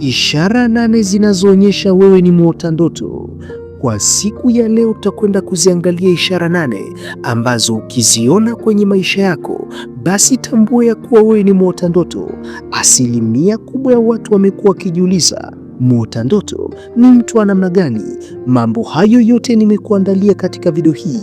Ishara nane zinazoonyesha wewe ni mwota ndoto. Kwa siku ya leo utakwenda kuziangalia ishara nane ambazo ukiziona kwenye maisha yako, basi tambua ya kuwa wewe ni mwota ndoto. Asilimia kubwa ya watu wamekuwa wakijiuliza mwota ndoto ni mtu wa namna gani? Mambo hayo yote nimekuandalia katika video hii.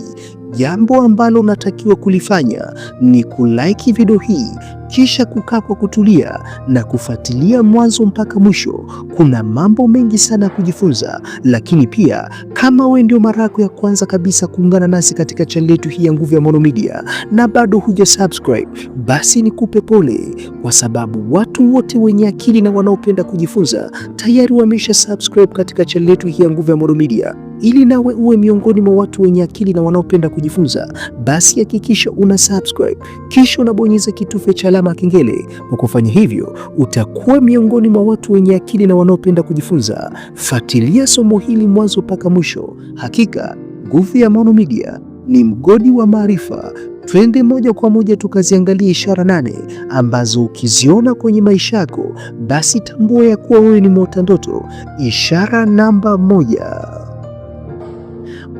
Jambo ambalo unatakiwa kulifanya ni kulike video hii kisha kukaa kwa kutulia na kufuatilia mwanzo mpaka mwisho. Kuna mambo mengi sana ya kujifunza, lakini pia kama wewe ndio mara yako ya kwanza kabisa kuungana nasi katika chaneli yetu hii ya Nguvu ya Maono Media na bado huja subscribe, basi nikupe pole, kwa sababu watu wote wenye akili na wanaopenda kujifunza tayari wamesha subscribe katika chaneli yetu hii ya Nguvu ya Maono Media. Ili nawe uwe miongoni mwa watu wenye akili na wanaopenda kujifunza, basi hakikisha una subscribe kisha unabonyeza kitufe cha alama kengele. Kwa kufanya hivyo, utakuwa miongoni mwa watu wenye akili na wanaopenda kujifunza. Fuatilia somo hili mwanzo mpaka mwisho. Hakika nguvu ya Maono Media ni mgodi wa maarifa. Twende moja kwa moja tukaziangalia ishara nane ambazo ukiziona kwenye maisha yako, basi tambua ya kuwa wewe ni mwota ndoto. Ishara namba moja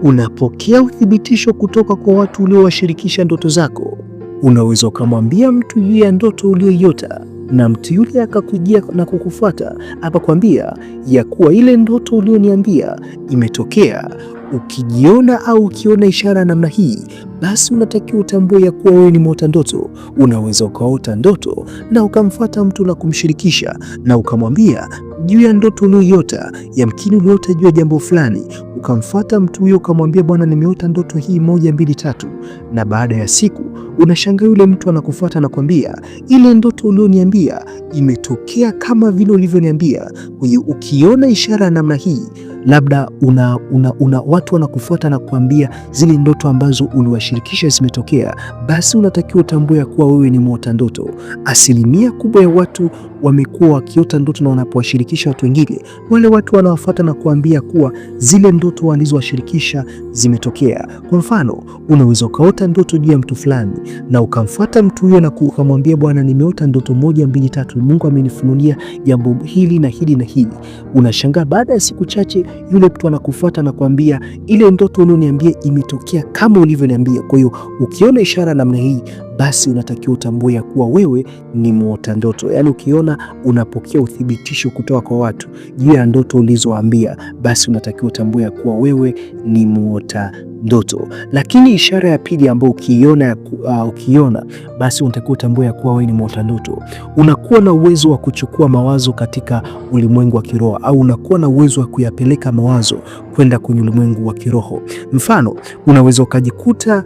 unapokea uthibitisho kutoka kwa watu uliowashirikisha ndoto zako. Unaweza ukamwambia mtu juu ya ndoto uliyoiota na mtu yule akakujia na kukufuata akakwambia ya kuwa ile ndoto ulioniambia imetokea, Ukijiona au ukiona ishara namna hii, basi unatakiwa utambue ya kuwa wewe ni mota ndoto. Unaweza ukaota ndoto na ukamfuata mtu na kumshirikisha na ukamwambia juu ya ndoto uliyoota. Yamkini uliota juu ya jambo fulani, ukamfuata mtu huyo ukamwambia, bwana, nimeota ndoto hii moja mbili tatu, na baada ya siku unashangaa yule mtu anakufuata na kwambia, ile ndoto ulioniambia imetokea kama vile ulivyoniambia. Kwa hiyo ukiona ishara namna hii labda una, una, una watu wanakufuata na kuambia zile ndoto ambazo uliwashirikisha zimetokea, basi unatakiwa utambue ya kuwa wewe ni mwota ndoto. Asilimia kubwa ya watu wamekuwa wakiota ndoto na wanapowashirikisha watu wengine, wale watu wanawafuata na kuambia kuwa zile ndoto walizowashirikisha zimetokea. Kwa mfano, unaweza ukaota ndoto juu ya mtu fulani na ukamfuata mtu huyo na ukamwambia, bwana, nimeota ndoto moja mbili tatu, Mungu amenifunulia jambo hili na hili na hili. Unashangaa baada ya siku chache yule mtu anakufuata na kuambia ile ndoto ulioniambia imetokea kama ulivyoniambia. Kwa hiyo ukiona ishara namna hii, basi unatakiwa utambue ya kuwa wewe ni muota ndoto. Yaani ukiona unapokea uthibitisho kutoka kwa watu juu ya ndoto ulizoambia, basi unatakiwa utambue ya kuwa wewe ni muota ndoto. Lakini ishara ya pili ambayo ukiona uh, ukiona basi unatakiwa utambue ya kuwa wewe ni muota ndoto, unakuwa na uwezo wa kuchukua mawazo katika ulimwengu wa kiroho, au unakuwa na uwezo wa kuyapeleka mawazo kwenda kwenye ulimwengu wa kiroho. Mfano, unaweza ukajikuta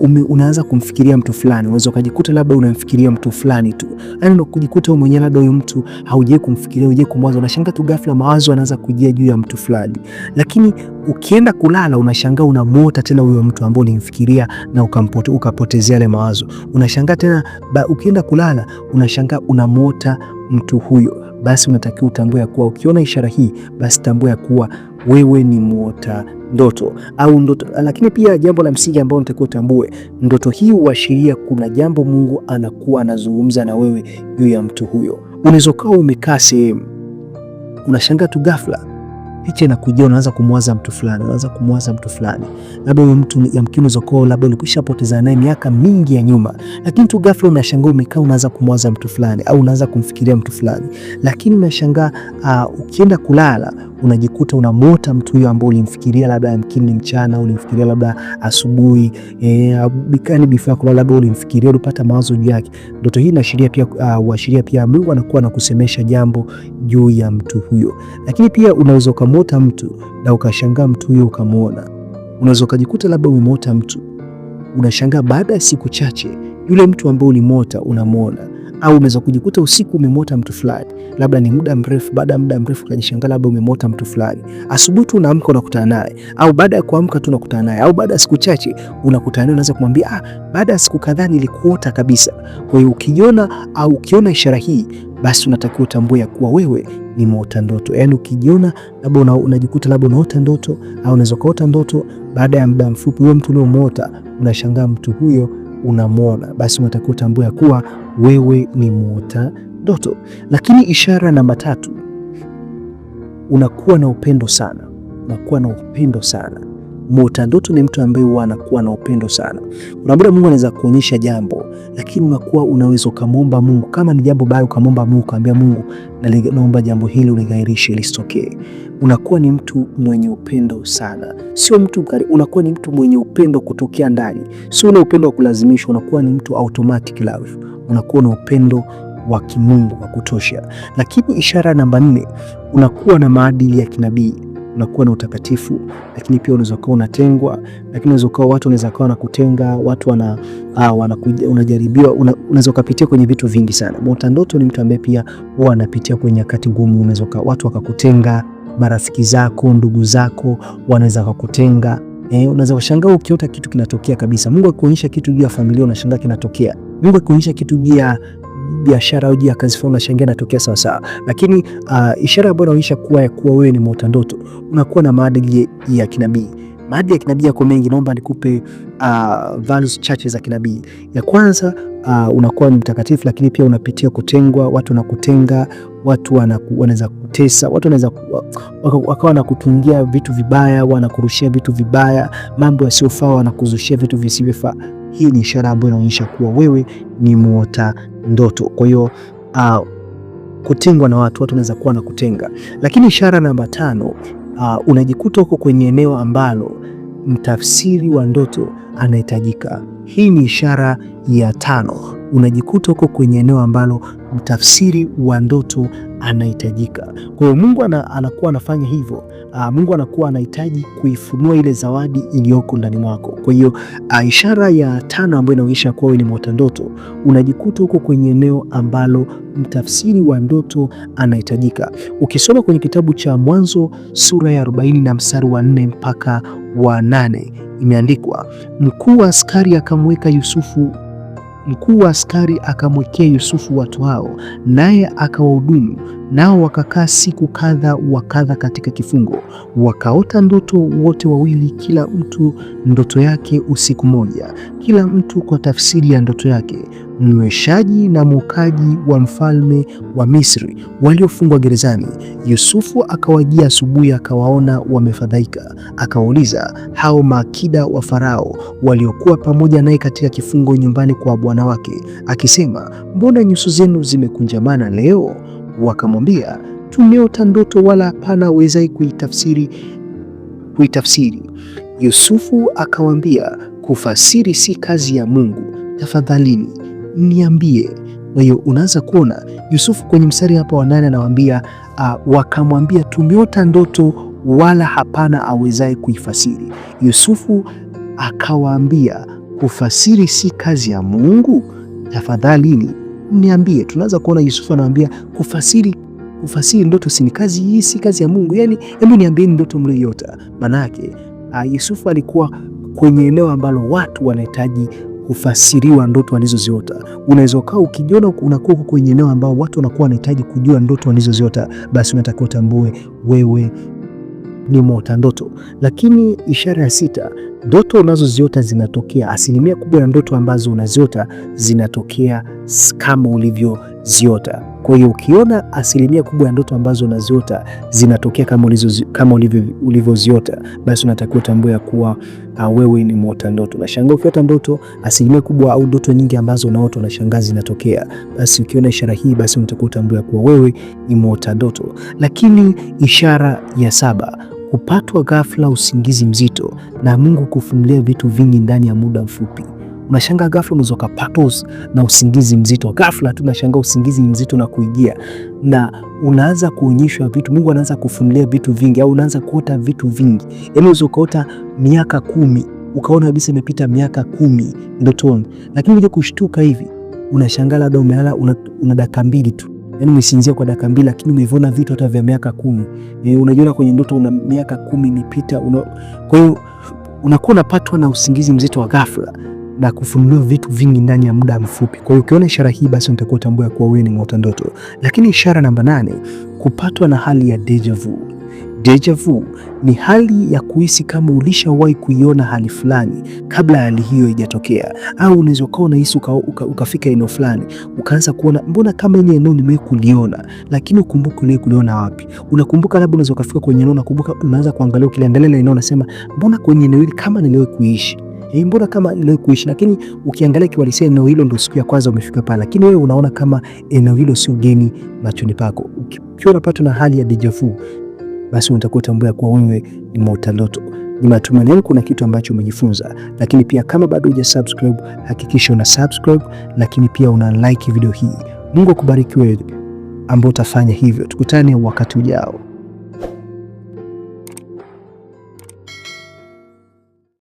uh, unaanza kumfikiria mtu fulani unaweza ukajikuta labda unamfikiria mtu fulani tu, yani ndio kujikuta wewe mwenyewe labda huyo mtu haujai kumfikiria, hujai kumwaza, unashangaa tu ghafla mawazo yanaanza kujia juu ya mtu fulani, lakini ukienda kulala unashangaa unamwota tena huyo mtu ambao ulimfikiria na ukampote, ukapotezea yale mawazo, unashangaa tena ba, ukienda kulala unashangaa unamuota mtu huyo basi unatakiwa utambue ya kuwa ukiona ishara hii, basi tambua ya kuwa wewe ni muota ndoto au ndoto. Lakini pia jambo la msingi ambalo unatakiwa utambue, ndoto hii huashiria kuna jambo Mungu anakuwa anazungumza na wewe juu ya mtu huyo. Unaweza ukawa umekaa sehemu unashangaa tu ghafla picha inakujia, unaanza kumwaza mtu fulani, unaanza kumwaza mtu fulani, labda huyo mtu yamkini uzokoa, labda poteza naye miaka mingi ya nyuma, lakini tu ghafla unashangaa umekaa, unaanza kumwaza mtu fulani au unaanza kumfikiria mtu fulani, lakini unashangaa uh, ukienda kulala unajikuta unamwota mtu huyo ambao ulimfikiria labda yamkini mchana, ulimfikiria labda asubuhi, eh, bikani bifaa kwa labda ulimfikiria, ulipata mawazo juu yake. Ndoto hii inaashiria pia ah, huashiria uh, pia Mungu anakuwa anakusemesha jambo juu ya mtu huyo. Lakini pia unaweza ukamwota mtu na ukashangaa mtu huyo ukamwona. Unaweza ukajikuta labda umemwota mtu unashangaa, baada ya siku chache yule mtu ambaye ulimwota unamwona au unaweza kujikuta usiku umemota mtu fulani, labda ni muda mrefu. Baada ya muda mrefu ukajishangaa labda umemota mtu fulani, asubuhi tu unaamka unakutana naye, au baada ya kuamka tu unakutana naye, au baada ya siku chache unakutana naye, unaweza kumwambia ah, baada ya siku kadhaa nilikuota kabisa. Kwa hiyo ukijiona au ukiona ishara hii, basi unatakiwa utambue ya kuwa wewe ni mwota ndoto. Yaani ukijiona labda unajikuta labda unaota ndoto au unaweza kuota ndoto, baada ya muda mfupi huyo mtu uliomwota unashangaa mtu huyo unamwona, basi unatakiwa utambue ya kuwa wewe ni muota ndoto. Lakini ishara namba tatu, unakuwa na upendo sana, unakuwa na upendo sana Mota ndoto ni mtu ambaye huwa anakuwa na upendo sana. Kuna muda Mungu anaweza kuonyesha jambo, lakini unakuwa unaweza ukamwomba Mungu, kama ni jambo baya ukamwomba Mungu, kaambia Mungu, naomba jambo hili uligairishe lisitokee. Unakuwa ni mtu mwenye upendo sana, sio mtu kari, unakuwa ni mtu mwenye upendo kutokea ndani, sio na upendo wa kulazimishwa. Unakuwa ni mtu automatic love, unakuwa na upendo wa kimungu wa kutosha. Lakini ishara namba nne, unakuwa na maadili ya kinabii unakuwa na utakatifu, lakini pia unaweza kuwa unatengwa, lakini unaweza kuwa watu wanaweza kuwa wanakutenga, watu wana ah, unajaribiwa, unaweza kupitia kwenye vitu vingi sana. Mota ndoto ni mtu ambaye pia huwa anapitia kwenye nyakati ngumu, unaweza watu wakakutenga, marafiki zako, ndugu zako wanaweza kukutenga. Eh, unaweza kushangaa ukiota kitu kinatokea kabisa. Mungu akuonyesha kitu juu ya familia unashangaa kinatokea. Mungu akuonyesha kitu juu ya biashara au ya kazi fulani unashangaa natokea sawa sawa, lakini uh, ishara ambayo inaonyesha kuwa kuwa wewe ni mota ndoto, unakuwa na maadili ya kinabii. Maadili ya kinabii yako mengi, naomba nikupe uh, values chache za kinabii. Ya kwanza uh, unakuwa ni mtakatifu, lakini pia unapitia kutengwa, watu wanakutenga, watu wanaweza kutesa, watu wanaweza wakawa wanakutungia vitu vibaya, wanakurushia vitu vibaya, mambo yasiyofaa, wanakuzushia vitu visivyofaa hii ni ishara ambayo inaonyesha kuwa wewe ni muota ndoto. Kwa hiyo uh, ah, kutengwa na watu, watu wanaweza kuwa na kutenga. Lakini ishara namba tano, uh, unajikuta huko kwenye eneo ambalo mtafsiri wa ndoto anahitajika. Hii ni ishara ya tano unajikuta huko kwenye eneo ambalo mtafsiri wa ndoto anahitajika. Kwa hiyo Mungu ana, anakuwa anafanya hivyo. Ah, Mungu anakuwa anahitaji kuifunua ile zawadi iliyoko ndani mwako. Kwa hiyo ah, ishara ya tano ambayo inaonyesha kuwa wewe ni mwota ndoto, unajikuta huko kwenye eneo ambalo mtafsiri wa ndoto anahitajika. Ukisoma kwenye kitabu cha Mwanzo sura ya 40 na mstari wa 4 mpaka wa nane imeandikwa mkuu wa askari akamweka Yusufu Mkuu wa askari akamwekea Yusufu watu hao, naye akawahudumu nao wakakaa siku kadha wa kadha katika kifungo, wakaota ndoto wote wawili, kila mtu ndoto yake usiku moja, kila mtu kwa tafsiri ya ndoto yake. Mnyweshaji na mwokaji wa mfalme wa Misri waliofungwa gerezani. Yusufu akawajia asubuhi, akawaona wamefadhaika, akawauliza hao maakida wa Farao waliokuwa pamoja naye katika kifungo nyumbani kwa bwana wake, akisema, mbona nyuso zenu zimekunjamana leo? wakamwambia, tumeota ndoto wala hapana awezai kuitafsiri kuitafsiri. Yusufu akawaambia, kufasiri si kazi ya Mungu, tafadhalini niambie. Kwa hiyo unaanza kuona Yusufu kwenye mstari hapa wa nane anawaambia uh, wakamwambia tumeota ndoto wala hapana awezaye kuifasiri. Yusufu akawaambia kufasiri si kazi ya Mungu, tafadhalini niambie. Tunaanza kuona Yusufu anamwambia kufasiri kufasiri ndoto si kazi hii, si kazi ya Mungu. Yani hebu niambieni ndoto mliyoota. Manake ah, Yusufu alikuwa kwenye eneo ambalo watu wanahitaji kufasiriwa ndoto walizoziota. Unaweza ukaa ukijiona unakuwa kwenye eneo ambao watu wanakuwa wanahitaji kujua ndoto walizoziota, basi unatakiwa utambue wewe ni mota ndoto. Lakini ishara ya sita, ndoto unazoziota zinatokea. Asilimia kubwa ya ndoto ambazo unaziota zinatokea kama ulivyoziota. Kwa hiyo ukiona asilimia kubwa ya ndoto ambazo unaziota zinatokea kama ulizo, kama ulivyoziota, basi unatakiwa utambue kuwa uh, wewe ni mota ndoto. Nashangaa ukiota ndoto asilimia kubwa au ndoto nyingi ambazo unaota unashangaa zinatokea, basi ukiona ishara hii, basi unatakiwa utambue kuwa wewe ni mota ndoto. Lakini ishara ya saba hupatwa ghafla usingizi mzito na Mungu kufunulia vitu vingi ndani ya muda mfupi. unashanga ghafla unaweza kupatwa na usingizi mzito ghafla tu, unashanga usingizi mzito na kuingia na unaanza kuonyeshwa vitu, Mungu anaanza kufunulia vitu vingi, au unaanza kuota vitu vingi. Yaani unaweza ukaota miaka kumi ukaona kabisa imepita miaka kumi ndotoni, lakini kuja kushtuka hivi, unashangaa labda umelala una, una dakika mbili tu yani umesinzia kwa dakika mbili, lakini umeviona vitu hata vya miaka kumi. E, unajiona kwenye ndoto una miaka kumi imepita. Kwa hiyo unakuwa unapatwa na usingizi mzito wa ghafla na kufunuliwa vitu vingi ndani ya muda mfupi. Kwa hiyo ukiona ishara hii, basi utakuwa ya kuwa wewe ni mwota ndoto. Lakini ishara namba nane, kupatwa na hali ya deja vu. Deja vu ni hali ya kuhisi kama ulishawahi kuiona hali fulani kabla hali hiyo haijatokea, au unaweza ukawa unahisi uka, ukafika eneo fulani ukaanza kuona mbona kama ile eneo nimewahi kuliona, lakini ukumbuke ile kuliona wapi. Unakumbuka labda unaweza ukafika kwenye eneo unakumbuka, unaanza kuangalia ukiliangalia ile eneo unasema mbona kwenye eneo hili kama niliwahi kuishi Hei, eh, mbona kama niliwahi kuishi, lakini ukiangalia kiuhalisia eneo hilo ndio siku ya kwanza umefika pale, lakini wewe unaona kama eneo hilo sio geni machoni pako. Ukiwa unapatwa na hali ya deja vu, basi unatakiwa utambue kuwa wewe ni mota loto. Ni matumaini yangu kuna kitu ambacho umejifunza, lakini pia kama bado huja subscribe, hakikisha una subscribe, lakini pia una like video hii. Mungu akubariki wewe ambao utafanya hivyo. Tukutane wakati ujao.